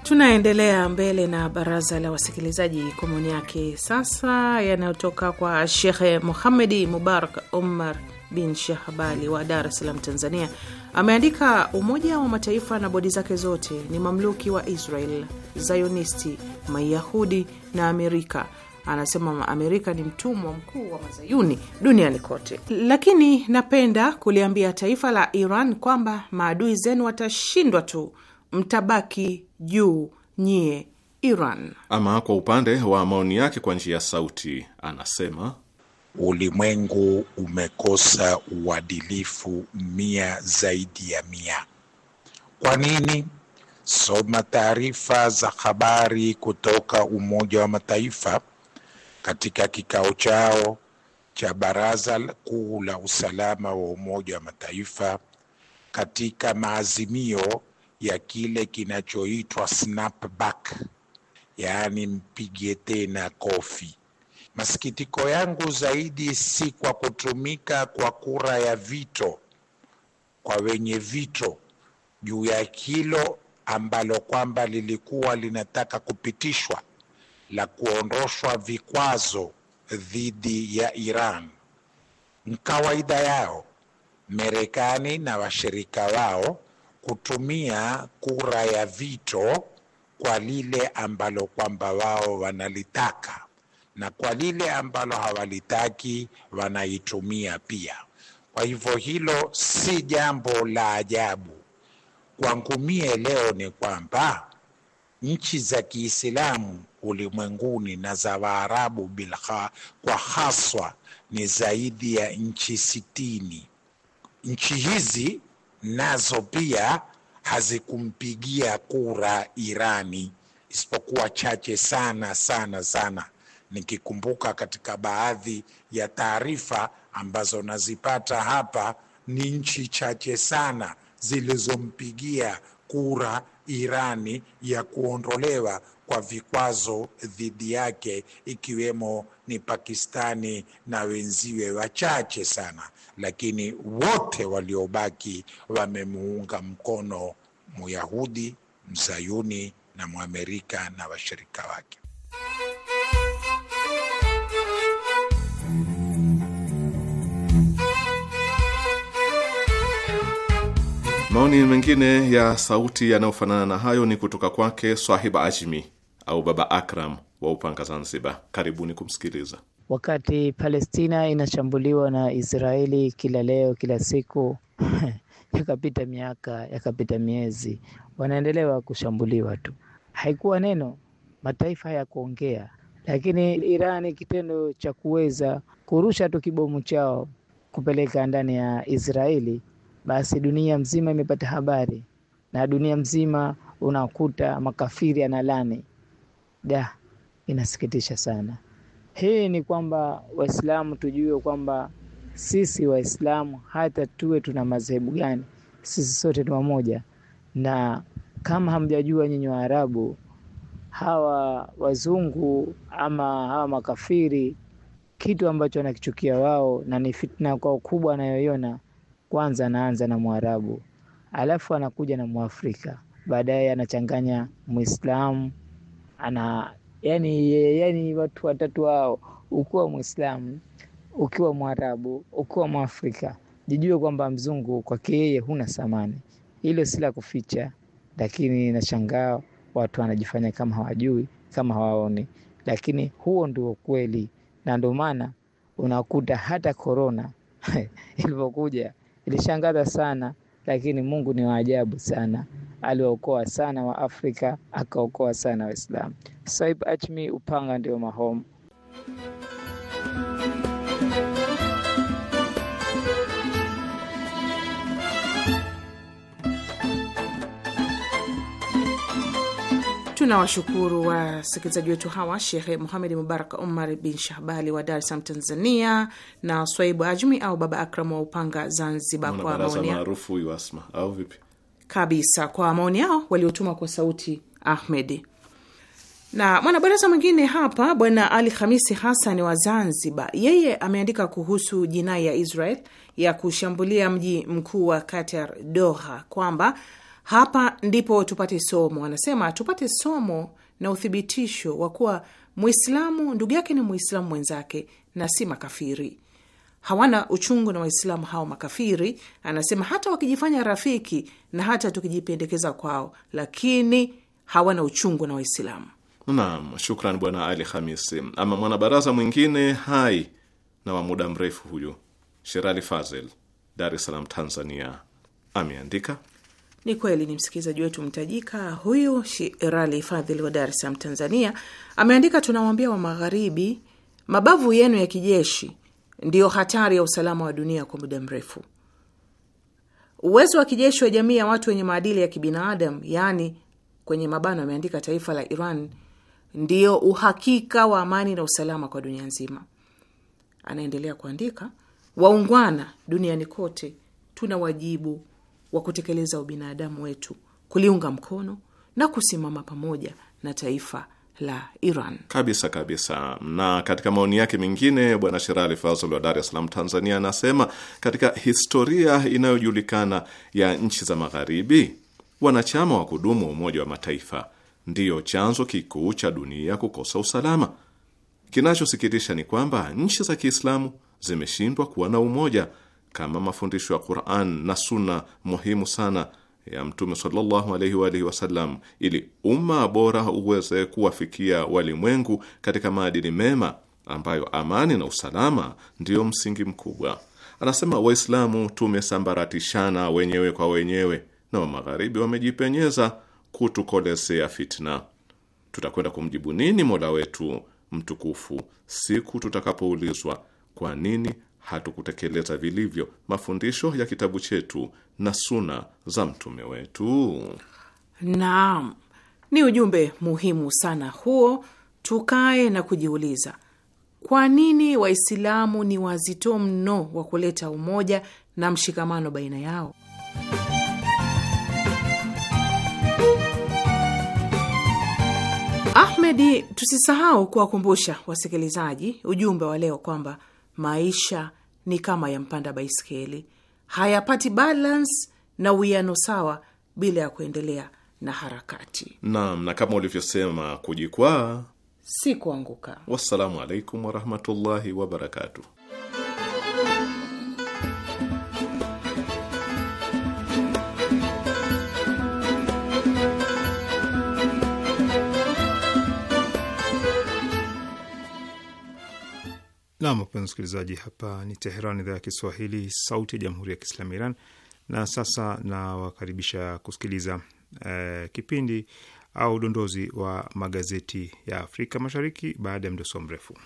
Tunaendelea mbele na baraza la wasikilizaji. Komoni yake sasa yanayotoka kwa Shekhe Muhamedi Mubarak Omar bin Shahbali wa Dar es Salaam, Tanzania, ameandika Umoja wa Mataifa na bodi zake zote ni mamluki wa Israel, Zayonisti, Mayahudi na Amerika. Anasema Amerika ni mtumwa mkuu wa mazayuni duniani kote, lakini napenda kuliambia taifa la Iran kwamba maadui zenu watashindwa tu, mtabaki juu nyie Iran. Ama kwa upande wa maoni yake kwa njia ya sauti, anasema ulimwengu umekosa uadilifu mia zaidi ya mia. Kwa nini? Soma taarifa za habari kutoka Umoja wa Mataifa katika kikao chao cha Baraza Kuu la Usalama wa Umoja wa Mataifa katika maazimio ya kile kinachoitwa snapback, yaani mpige tena kofi Masikitiko yangu zaidi si kwa kutumika kwa kura ya vito kwa wenye vito juu ya hilo ambalo kwamba lilikuwa linataka kupitishwa la kuondoshwa vikwazo dhidi ya Iran. Ni kawaida yao Marekani na washirika wao kutumia kura ya vito kwa lile ambalo kwamba wao wanalitaka na kwa lile ambalo hawalitaki wanaitumia pia. Kwa hivyo hilo si jambo la ajabu kwangu mie. Leo ni kwamba nchi za Kiislamu ulimwenguni na za Waarabu bilha kwa haswa ni zaidi ya nchi sitini. Nchi hizi nazo pia hazikumpigia kura Irani isipokuwa chache sana sana sana nikikumbuka katika baadhi ya taarifa ambazo nazipata hapa, ni nchi chache sana zilizompigia kura Irani ya kuondolewa kwa vikwazo dhidi yake ikiwemo ni Pakistani na wenziwe wachache sana, lakini wote waliobaki wamemuunga mkono Muyahudi, Mzayuni na Mwamerika na washirika wake. Maoni mengine ya sauti yanayofanana na hayo ni kutoka kwake Swahiba Ajmi au Baba Akram wa Upanga, Zanzibar. Karibuni kumsikiliza. Wakati Palestina inashambuliwa na Israeli kila leo, kila siku yakapita miaka yakapita miezi, wanaendelewa kushambuliwa tu. Haikuwa neno, mataifa kuongea, lakini Irani kitendo cha kuweza kurusha tu kibomu chao kupeleka ndani ya Israeli basi dunia mzima imepata habari na dunia mzima unakuta makafiri analani. Da, inasikitisha sana. Hii ni kwamba Waislamu tujue kwamba sisi Waislamu hata tuwe tuna madhehebu gani, sisi sote ni wamoja. Na kama hamjajua nyinyi Waarabu, hawa wazungu ama hawa makafiri, kitu ambacho wanakichukia wao na ni fitna kwao kubwa anayoiona kwanza anaanza na Mwarabu, alafu anakuja na Mwafrika, baadaye anachanganya Muislamu ana yani, yani watu watatu wao ukiwa Muislamu, ukiwa Mwarabu, ukiwa Mwafrika, jijue kwamba mzungu kwake yeye huna samani Hilo si la kuficha, lakini nashangaa watu wanajifanya kama hawajui kama hawaoni, lakini huo ndio kweli na ndio maana unakuta hata korona ilivyokuja ilishangaza sana, lakini Mungu ni wa ajabu sana, aliwaokoa sana wa Afrika, akaokoa sana Waislamu. Saib Achmi, Upanga ndio Mahomu. Tunawashukuru wasikilizaji wetu hawa, Shekhe Muhamed Mubarak umar bin Shahbali wa Dar es Salaam, Tanzania, na Swaibu Ajmi au Baba Akram wa Upanga, Zanzibar, kwa maoni maarufu Asma au vipi kabisa, kwa maoni yao waliotuma kwa sauti Ahmedi na mwanabaraza mwingine hapa Bwana Ali Khamisi Hasani wa Zanzibar, yeye ameandika kuhusu jinai ya Israel ya kushambulia mji mkuu wa Qatar, Doha, kwamba hapa ndipo tupate somo. Anasema tupate somo na uthibitisho wa kuwa Mwislamu ndugu yake ni Mwislamu mwenzake na si makafiri. Hawana uchungu na Waislamu hao makafiri. Anasema hata wakijifanya rafiki na hata tukijipendekeza kwao, lakini hawana uchungu na Waislamu. Naam, shukran Bwana Ali Hamisi. Ama mwanabaraza mwingine hai na wa muda mrefu huyu Sherali Fazel, Dar es Salaam, Tanzania, ameandika ni kweli ni msikilizaji wetu mtajika huyu Shirali Fadhili wa Dar es Salaam, Tanzania, ameandika tunawambia wa Magharibi, mabavu yenu ya kijeshi ndiyo hatari ya usalama wa dunia kwa muda mrefu. Uwezo wa kijeshi wa jamii ya watu wenye maadili ya kibinadamu, yaani kwenye mabano ameandika taifa la Iran, ndiyo uhakika wa amani na usalama kwa dunia nzima. Anaendelea kuandika, waungwana duniani kote tuna wajibu wa kutekeleza ubinadamu wetu, kuliunga mkono na kusimama pamoja na taifa la Iran kabisa kabisa. Na katika maoni yake mengine, Bwana Sherali Fazl wa Dar es Salaam, Tanzania, anasema katika historia inayojulikana ya nchi za Magharibi, wanachama wa kudumu wa Umoja wa Mataifa ndiyo chanzo kikuu cha dunia kukosa usalama. Kinachosikitisha ni kwamba nchi za Kiislamu zimeshindwa kuwa na umoja kama mafundisho ya Qur'an na Sunna muhimu sana ya Mtume sallallahu alaihi wa alihi wasallam, ili umma bora uweze kuwafikia walimwengu katika maadili mema ambayo amani na usalama ndiyo msingi mkubwa. Anasema Waislamu tumesambaratishana wenyewe kwa wenyewe na wa magharibi wamejipenyeza kutukolezea fitna. Tutakwenda kumjibu nini Mola wetu mtukufu siku tutakapoulizwa kwa nini hatukutekeleza vilivyo mafundisho ya kitabu chetu na suna za mtume wetu? Naam, ni ujumbe muhimu sana huo. Tukae na kujiuliza, kwa nini Waislamu ni wazito mno wa kuleta umoja na mshikamano baina yao? Ahmedi, tusisahau kuwakumbusha wasikilizaji ujumbe wa leo kwamba Maisha ni kama ya mpanda baiskeli, hayapati balance na uwiano sawa bila ya kuendelea na harakati. Naam, na kama ulivyosema, kujikwaa si kuanguka. Wassalamu alaikum warahmatullahi wabarakatuh. Nam, wapenzi msikilizaji, hapa ni Teheran, idhaa ya Kiswahili, sauti ya jamhuri ya kiislamu Iran. Na sasa nawakaribisha kusikiliza eh, kipindi au udondozi wa magazeti ya Afrika Mashariki baada ya mdoso mrefu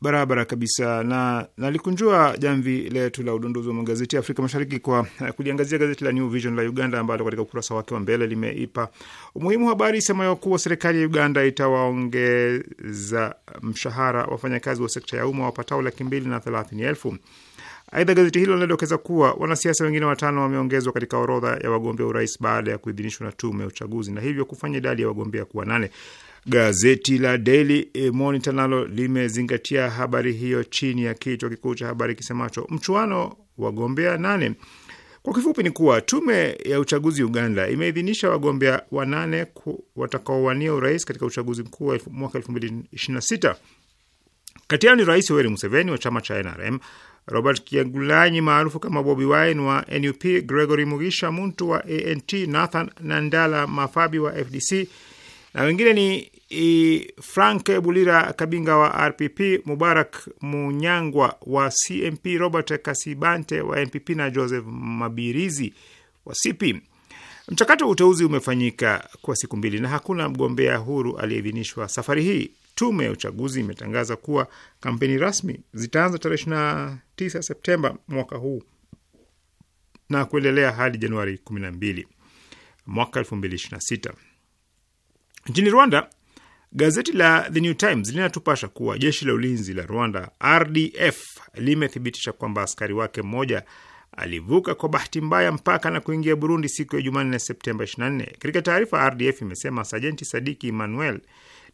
barabara kabisa na nalikunjua jamvi letu la udunduzi wa magazeti ya Afrika Mashariki kwa eh, kuliangazia gazeti la New Vision la Uganda ambalo katika ukurasa wake wa mbele limeipa umuhimu habari isemayo kuwa serikali ya Uganda itawaongeza mshahara wafanyakazi wa sekta ya umma wapatao laki mbili na thelathini elfu. Aidha, gazeti hilo linadokeza kuwa wanasiasa wengine watano wameongezwa katika orodha ya wagombea urais baada ya kuidhinishwa na tume ya uchaguzi na hivyo kufanya idadi ya wagombea kuwa nane. Gazeti la Daily Monitor nalo limezingatia habari hiyo chini ya kichwa kikuu cha habari kisemacho mchuano wagombea nane. Kwa kifupi ni kuwa tume ya uchaguzi Uganda imeidhinisha wagombea wanane watakaowania urais katika uchaguzi mkuu wa mwaka sita. Kati yao ni Rais Yoweri Museveni wa chama cha NRM, Robert Kyagulanyi maarufu kama Bobi Wine wa NUP, Gregory Mugisha Muntu wa ANT, Nathan Nandala Mafabi wa FDC na wengine ni Frank Bulira Kabinga wa RPP, Mubarak Munyangwa wa CMP, Robert Kasibante wa MPP na Joseph Mabirizi wa CP. Mchakato wa uteuzi umefanyika kwa siku mbili na hakuna mgombea huru aliyeidhinishwa safari hii. Tume ya uchaguzi imetangaza kuwa kampeni rasmi zitaanza tarehe 29 Septemba mwaka huu na kuendelea hadi Januari 12 mwaka 2026. Nchini Rwanda, Gazeti la The New Times linatupasha kuwa jeshi la ulinzi la Rwanda, RDF, limethibitisha kwamba askari wake mmoja alivuka kwa bahati mbaya mpaka na kuingia Burundi siku ya Jumanne, Septemba 24. Katika taarifa, RDF imesema Sajenti Sadiki Emmanuel,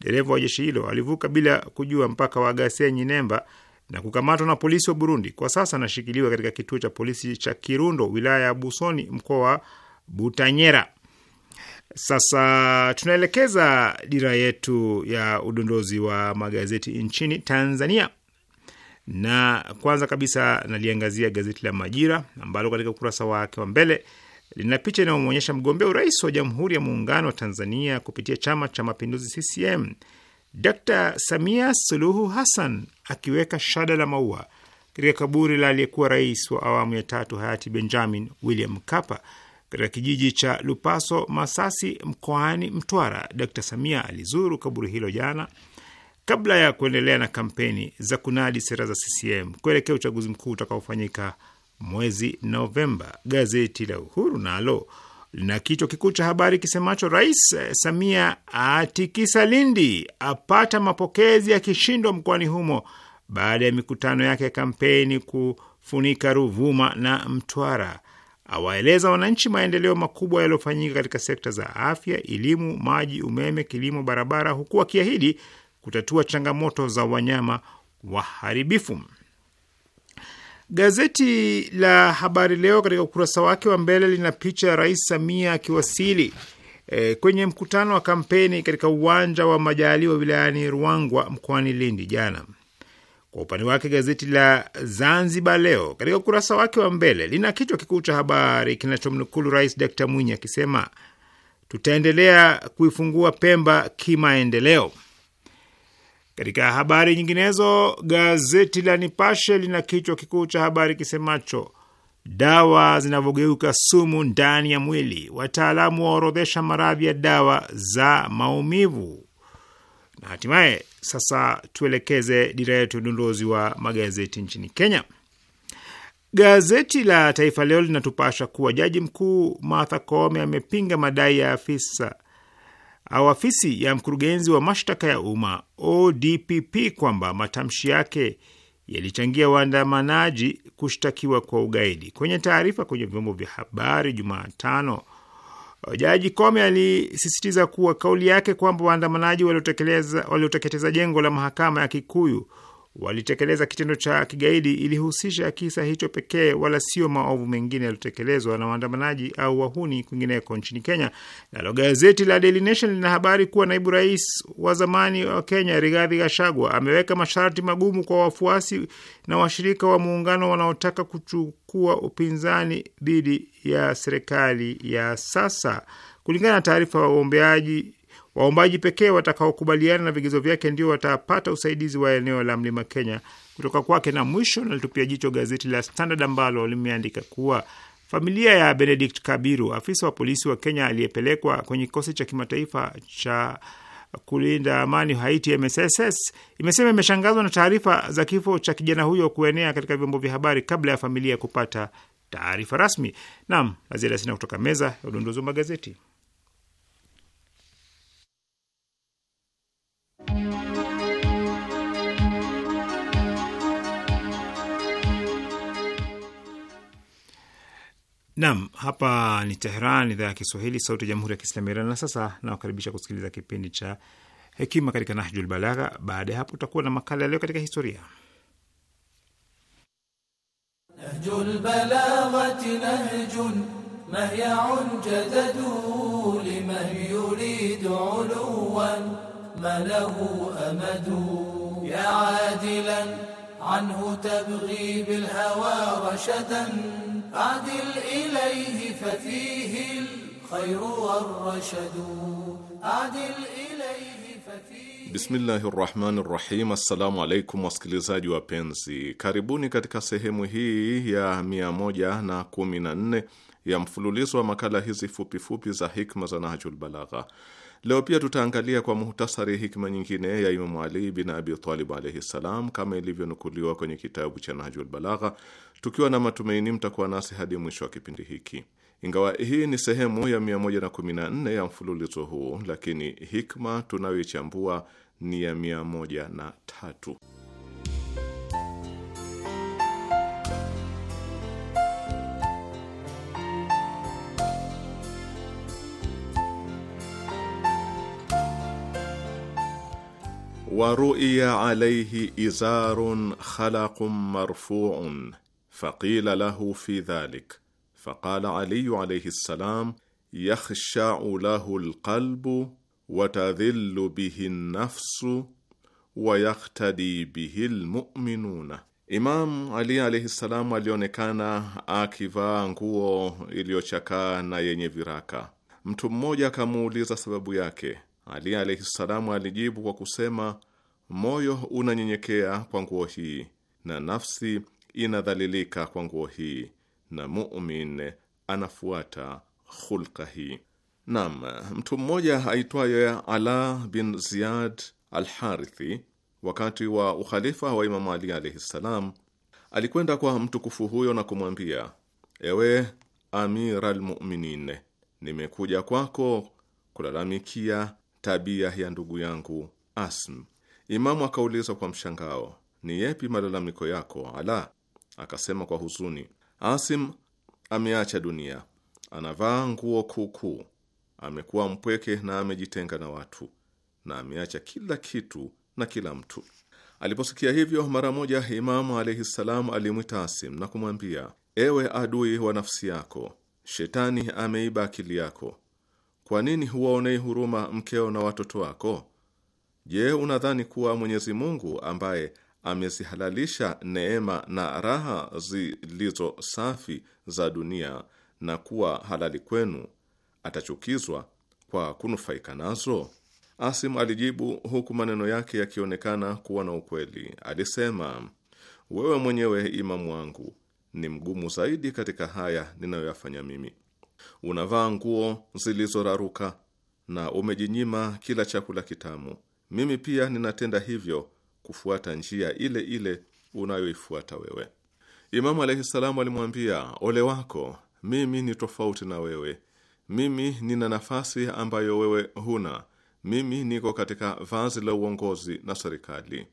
dereva wa jeshi hilo, alivuka bila kujua mpaka wa Gasenyi Nemba na kukamatwa na polisi wa Burundi. Kwa sasa anashikiliwa katika kituo cha polisi cha Kirundo, wilaya ya Busoni, mkoa wa Butanyera. Sasa tunaelekeza dira yetu ya udondozi wa magazeti nchini Tanzania, na kwanza kabisa naliangazia gazeti la Majira ambalo katika ukurasa wake wa mbele lina picha inayomwonyesha mgombea urais wa Jamhuri ya Muungano wa Tanzania kupitia Chama cha Mapinduzi CCM Dr Samia Suluhu Hassan akiweka shada la maua katika kaburi la aliyekuwa rais wa awamu ya tatu hayati Benjamin William Mkapa katika kijiji cha Lupaso, Masasi, mkoani Mtwara. Dkt Samia alizuru kaburi hilo jana kabla ya kuendelea na kampeni za kunadi sera za CCM kuelekea uchaguzi mkuu utakaofanyika mwezi Novemba. Gazeti la Uhuru nalo lina kichwa kikuu cha habari kisemacho Rais Samia atikisa Lindi, apata mapokezi ya kishindo mkoani humo baada ya mikutano yake ya kampeni kufunika Ruvuma na Mtwara awaeleza wananchi maendeleo makubwa yaliyofanyika katika sekta za afya, elimu, maji, umeme, kilimo, barabara, huku akiahidi kutatua changamoto za wanyama waharibifu. Gazeti la Habari Leo katika ukurasa wake wa mbele lina picha ya Rais Samia akiwasili e, kwenye mkutano wa kampeni katika uwanja wa Majaliwa wilayani Ruangwa mkoani Lindi jana. Kwa upande wake gazeti la Zanzibar Leo katika ukurasa wake wa mbele lina kichwa kikuu cha habari kinachomnukulu Rais Dkt Mwinyi akisema tutaendelea kuifungua Pemba kimaendeleo. Katika habari nyinginezo, gazeti la Nipashe lina kichwa kikuu cha habari kisemacho dawa zinavyogeuka sumu ndani ya mwili, wataalamu waorodhesha maradhi ya dawa za maumivu. Na hatimaye sasa tuelekeze dira yetu ya udondozi wa magazeti nchini Kenya. Gazeti la Taifa Leo linatupasha kuwa jaji mkuu Martha Koome amepinga madai ya afisa au afisi ya mkurugenzi wa mashtaka ya umma ODPP kwamba matamshi yake yalichangia waandamanaji kushtakiwa kwa ugaidi. Kwenye taarifa kwenye vyombo vya habari Jumatano, Jaji Kome alisisitiza kuwa kauli yake kwamba waandamanaji walioteketeza jengo la mahakama ya Kikuyu walitekeleza kitendo cha kigaidi ilihusisha kisa hicho pekee, wala sio maovu mengine yaliyotekelezwa na waandamanaji au wahuni kwingineko nchini Kenya. Nalo gazeti la Daily Nation lina habari kuwa naibu rais wa zamani wa Kenya Rigathi Gachagua ameweka masharti magumu kwa wafuasi na washirika wa muungano wanaotaka kuchukua upinzani dhidi ya serikali ya sasa. Kulingana na taarifa, ya waombeaji Waombaji pekee watakaokubaliana na vigezo vyake ndio watapata usaidizi wa eneo la mlima Kenya kutoka kwake. Na mwisho nalitupia jicho gazeti la Standard ambalo limeandika kuwa familia ya Benedict Kabiru, afisa wa polisi wa Kenya aliyepelekwa kwenye kikosi cha kimataifa cha kulinda amani Haiti, MSS, imesema imeshangazwa na taarifa za kifo cha kijana huyo kuenea katika vyombo vya habari kabla ya familia kupata taarifa rasmi. Naam, la ziada sina kutoka meza ya udondozi wa magazeti. Nam, hapa ni Teheran, idhaa ya Kiswahili, sauti ya jamhuri ya kiislamu Iran. Na sasa nawakaribisha kusikiliza kipindi cha hekima katika Nahjul Balagha. Baada ya hapo, utakuwa na makala ya leo katika historia. Nahjul أعدل إليه ففيه الخير والرشد أعدل إليه ففيه Bismillahi rahmani rahim. Assalamu alaikum wasikilizaji wapenzi, karibuni katika sehemu hii ya 114 ya mfululizo wa makala hizi fupifupi fupi za hikma za Nahjul Balagha. Leo pia tutaangalia kwa muhtasari hikma nyingine ya Imamu Ali bin Abi Talib alaihi ssalam, kama ilivyonukuliwa kwenye kitabu cha Nahjul Balagha, tukiwa na matumaini mtakuwa nasi hadi mwisho wa kipindi hiki. Ingawa hii ni sehemu ya 114 ya mfululizo huu, lakini hikma tunayoichambua ni ya 103. wa ru'iya alayhi izarun khalaqun marfu'un faqila lahu fi dhalik faqala Ali alayhi salam yakhsha'u lahu alqalbu wa tadhillu bihi an-nafsu wa yaqtadi bihi almu'minuna. Imam Ali alayhi salam alionekana akivaa nguo iliyochakaa na yenye viraka. Mtu mmoja akamuuliza sababu yake ali alaihi salamu alijibu kwa kusema, moyo unanyenyekea kwa nguo hii na nafsi inadhalilika kwa nguo hii na mumin anafuata khulka hii. Naam, mtu mmoja aitwaye Ala bin Ziyad Alharithi wakati wa ukhalifa wa Imamu Ali alaihi ssalam alikwenda kwa mtukufu huyo na kumwambia, ewe Amir Muminin, nimekuja kwako kulalamikia tabia ya ndugu yangu Asm. Imamu akauliza kwa mshangao, ni yepi malalamiko yako? Ala, akasema kwa huzuni, Asim ameacha dunia, anavaa nguo kuukuu, amekuwa mpweke na amejitenga na watu, na ameacha kila kitu na kila mtu. Aliposikia hivyo, mara moja Imamu alaihi ssalam alimwita Asim na kumwambia, ewe adui wa nafsi yako, shetani ameiba akili yako kwa nini huwaonei huruma mkeo na watoto wako? Je, unadhani kuwa Mwenyezi Mungu ambaye amezihalalisha neema na raha zilizo safi za dunia na kuwa halali kwenu atachukizwa kwa kunufaika nazo? Asim alijibu huku maneno yake yakionekana kuwa na ukweli. Alisema, wewe mwenyewe imamu wangu ni mgumu zaidi katika haya ninayoyafanya mimi unavaa nguo zilizoraruka na umejinyima kila chakula kitamu. Mimi pia ninatenda hivyo kufuata njia ile ile unayoifuata wewe. Imamu alaihi salamu alimwambia, ole wako, mimi ni tofauti na wewe. Mimi nina nafasi ambayo wewe huna. Mimi niko katika vazi la uongozi na serikali.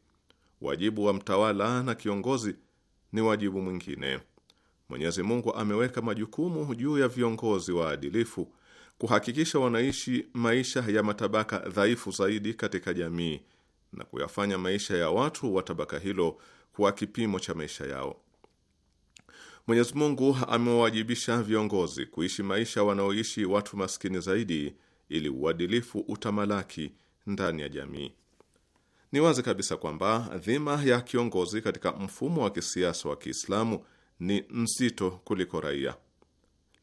Wajibu wa mtawala na kiongozi ni wajibu mwingine. Mwenyezi Mungu ameweka majukumu juu ya viongozi waadilifu kuhakikisha wanaishi maisha ya matabaka dhaifu zaidi katika jamii na kuyafanya maisha ya watu wa tabaka hilo kuwa kipimo cha maisha yao. Mwenyezi Mungu amewajibisha viongozi kuishi maisha wanaoishi watu maskini zaidi ili uadilifu utamalaki ndani ya jamii. Ni wazi kabisa kwamba dhima ya kiongozi katika mfumo wa kisiasa wa Kiislamu ni mzito kuliko raia.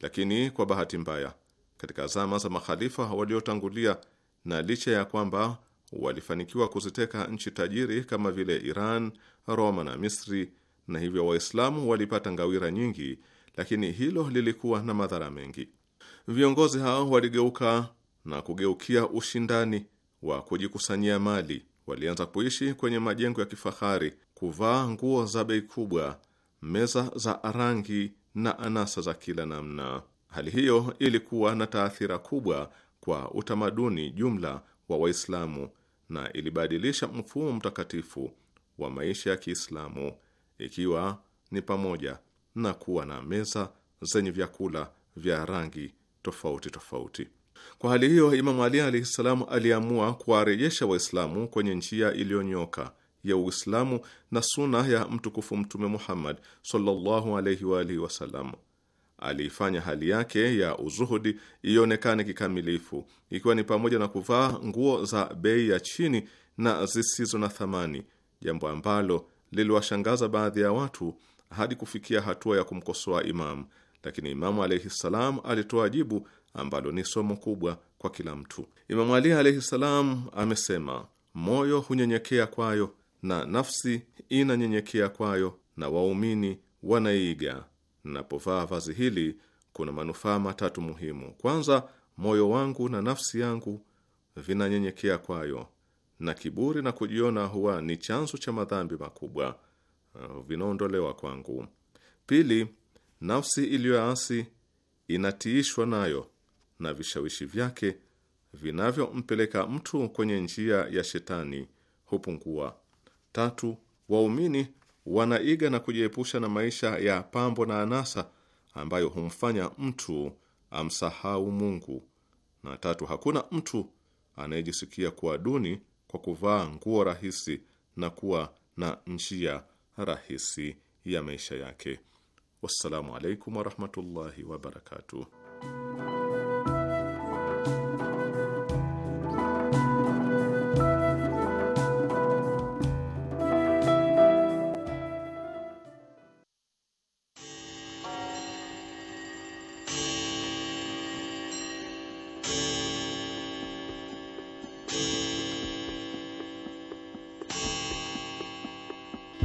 Lakini kwa bahati mbaya, katika zama za makhalifa waliotangulia, na licha ya kwamba walifanikiwa kuziteka nchi tajiri kama vile Iran, Roma na Misri, na hivyo Waislamu walipata ngawira nyingi, lakini hilo lilikuwa na madhara mengi. Viongozi hao waligeuka na kugeukia ushindani wa kujikusanyia mali. Walianza kuishi kwenye majengo ya kifahari, kuvaa nguo za bei kubwa meza za rangi na anasa za kila namna. Hali hiyo ilikuwa na taathira kubwa kwa utamaduni jumla wa Waislamu na ilibadilisha mfumo mtakatifu wa maisha ya Kiislamu, ikiwa ni pamoja na kuwa na meza zenye vyakula vya rangi tofauti tofauti. Kwa hali hiyo, Imamu Ali alaihi salam aliamua kuwarejesha Waislamu kwenye njia iliyonyoka ya Uislamu na suna ya mtukufu Mtume Muhammad sallallahu alaihi wa alihi wasallam. Aliifanya hali yake ya uzuhudi ionekane kikamilifu, ikiwa ni pamoja na kuvaa nguo za bei ya chini na zisizo na thamani, jambo ambalo liliwashangaza baadhi ya watu hadi kufikia hatua ya kumkosoa Imamu. Lakini Imamu alaihi salam alitoa jibu ambalo ni somo kubwa kwa kila mtu. Imamu Ali alaihi salam amesema, moyo hunyenyekea kwayo na nafsi inanyenyekea kwayo na waumini wanaiga. Napovaa vazi hili kuna manufaa matatu muhimu. Kwanza, moyo wangu na nafsi yangu vinanyenyekea kwayo, na kiburi na kujiona huwa ni chanzo cha madhambi makubwa uh, vinaondolewa kwangu. Pili, nafsi iliyoasi inatiishwa nayo na vishawishi vyake vinavyompeleka mtu kwenye njia ya shetani hupungua Tatu, waumini wanaiga na kujiepusha na maisha ya pambo na anasa ambayo humfanya mtu amsahau Mungu. Na tatu, hakuna mtu anayejisikia kuwa duni kwa kuvaa nguo rahisi na kuwa na njia rahisi ya maisha yake. Wassalamu alaikum warahmatullahi wabarakatuh.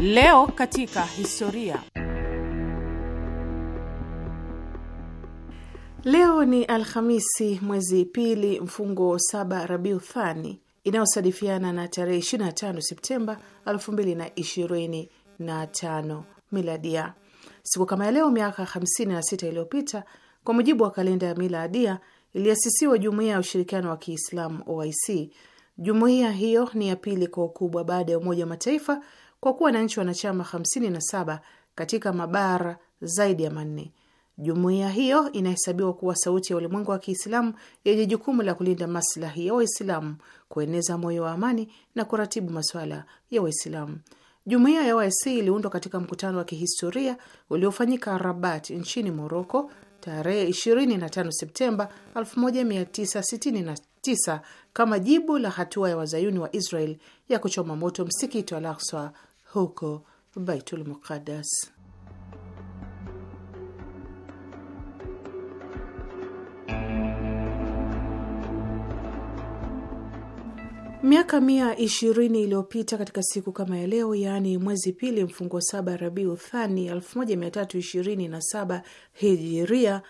Leo katika historia. Leo ni Alhamisi, mwezi pili mfungo saba Rabiu Thani, inayosadifiana na tarehe 25 Septemba 2025 miladia. Siku kama ya leo miaka 56 iliyopita, kwa mujibu wa kalenda ya miladia, iliasisiwa Jumuiya ya Ushirikiano wa Kiislamu, OIC. Jumuiya hiyo ni ya pili kwa ukubwa baada ya Umoja wa Mataifa kwa kuwa na nchi wanachama 57 katika mabara zaidi ya manne. Jumuiya hiyo inahesabiwa kuwa sauti ya ulimwengu wa Kiislamu yenye jukumu la kulinda maslahi ya Waislamu, kueneza moyo wa amani na kuratibu masuala ya Waislamu. Jumuiya ya OIC iliundwa katika mkutano wa kihistoria uliofanyika Rabat nchini Moroko tarehe 25 Septemba 1969 kama jibu la hatua ya wazayuni wa Israel ya kuchoma moto msikiti wa Al-Aqsa huko Baitul Muqaddas. Miaka mia ishirini iliyopita katika siku kama ya leo, yaani mwezi pili mfungo saba Rabiu Thani 1327 Hijiria,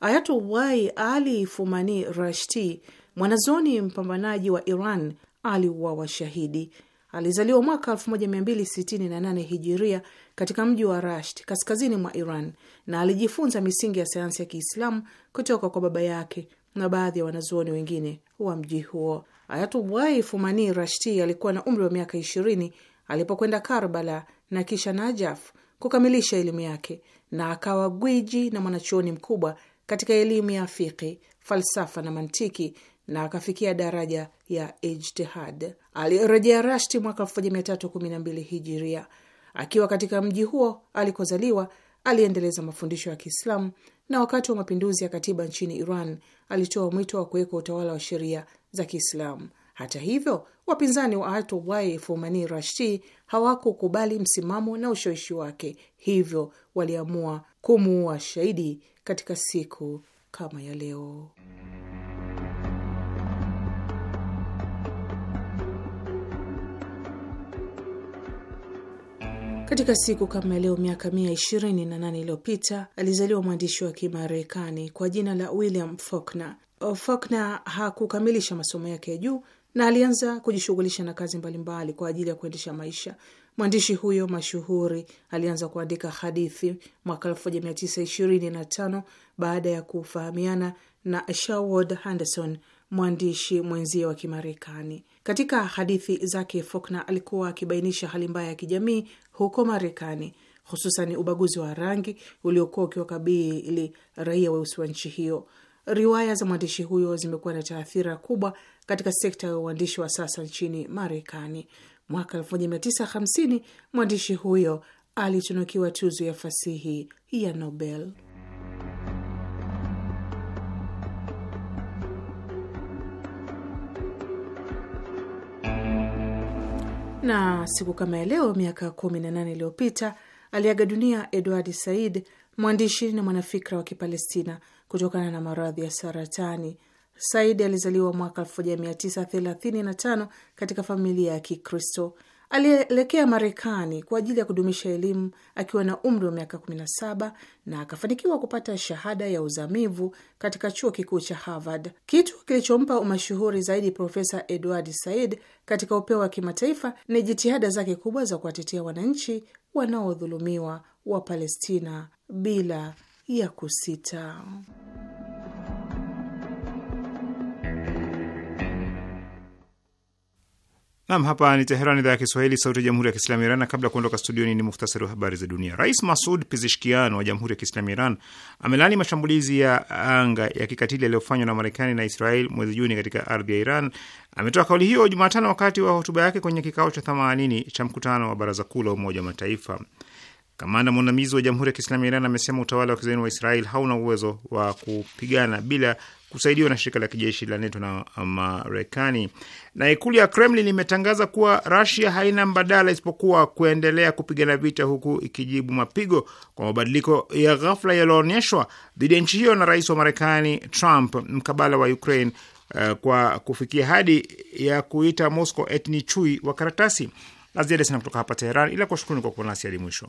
Ayatullahi Ali Fumani Rashti, mwanazoni mpambanaji wa Iran, aliuawa shahidi. Alizaliwa mwaka 1268 hijiria katika mji wa Rasht kaskazini mwa Iran na alijifunza misingi ya sayansi ya Kiislamu kutoka kwa baba yake na baadhi ya wanazuoni wengine wa mji huo. Ayatullah Fumani Rashti alikuwa na umri wa miaka 20 alipokwenda Karbala na kisha Najaf kukamilisha elimu yake na akawa gwiji na mwanachuoni mkubwa katika elimu ya fiqhi, falsafa na mantiki na akafikia daraja ya ijtihad. Alirejea Rashti mwaka 1312 hijiria. Akiwa katika mji huo alikozaliwa, aliendeleza mafundisho ya Kiislamu na wakati wa mapinduzi ya katiba nchini Iran alitoa mwito wa kuwekwa utawala wa sheria za Kiislamu. Hata hivyo, wapinzani wa Ayatollah Fumani Rashti hawakukubali msimamo na ushawishi wake, hivyo waliamua kumuua shahidi katika siku kama ya leo. Katika siku kama leo miaka mia ishirini na nane iliyopita alizaliwa mwandishi wa Kimarekani kwa jina la William Faulkner. Faulkner hakukamilisha masomo yake ya juu na alianza kujishughulisha na kazi mbalimbali kwa ajili ya kuendesha maisha. Mwandishi huyo mashuhuri alianza kuandika hadithi mwaka 1925 baada ya kufahamiana na Sherwood Anderson, mwandishi mwenzie wa Kimarekani. Katika hadithi zake Faulkner alikuwa akibainisha hali mbaya ya kijamii huko Marekani, hususan ubaguzi wa rangi uliokuwa ukiwakabili raia weusi wa nchi hiyo. Riwaya za mwandishi huyo zimekuwa na taathira kubwa katika sekta ya uandishi wa sasa nchini Marekani. Mwaka 1950 mwandishi huyo alitunukiwa tuzo ya fasihi ya Nobel. Na siku kama ya leo miaka 18 iliyopita aliaga dunia Edward Said, mwandishi na mwanafikra wa Kipalestina, kutokana na maradhi ya saratani. Said alizaliwa mwaka 1935 katika familia ya Kikristo. Alielekea Marekani kwa ajili ya kudumisha elimu akiwa na umri wa miaka 17 na akafanikiwa kupata shahada ya uzamivu katika chuo kikuu cha Harvard, kitu kilichompa umashuhuri zaidi Profesa Edward Said katika upeo wa kimataifa ni jitihada zake kubwa za kuwatetea wananchi wanaodhulumiwa wa Palestina bila ya kusita. Nam, hapa ni Teheran, idhaa ya Kiswahili, sauti ya jamhuri ya kiislamu ya Iran. Na kabla ya kuondoka studioni, ni muhtasari wa habari za dunia. Rais Masud pizishkian wa jamhuri ya kiislamu ya Iran amelani mashambulizi ya anga ya kikatili yaliyofanywa na Marekani na Israel mwezi Juni katika ardhi ya Iran. Ametoa kauli hiyo Jumatano wakati wa hotuba yake kwenye kikao cha 80 cha mkutano wa baraza kuu la Umoja wa Mataifa. Kamanda mwandamizi wa Jamhuri ya Kiislamu ya Iran amesema utawala wa kizayuni wa Israel hauna uwezo wa kupigana bila kusaidiwa na shirika la kijeshi la NATO na Marekani. Na ikulu ya Kremlin imetangaza kuwa Rasia haina mbadala isipokuwa kuendelea kupigana vita, huku ikijibu mapigo kwa mabadiliko ya ghafla yaliyoonyeshwa dhidi ya nchi hiyo na rais wa Marekani Trump mkabala wa Ukraine, uh, kwa kufikia hadi ya kuita Moscow etni chui wa karatasi. Aziada sana kutoka hapa Teheran, ila kuwashukuruni kwa kuwa nasi hadi mwisho.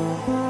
Música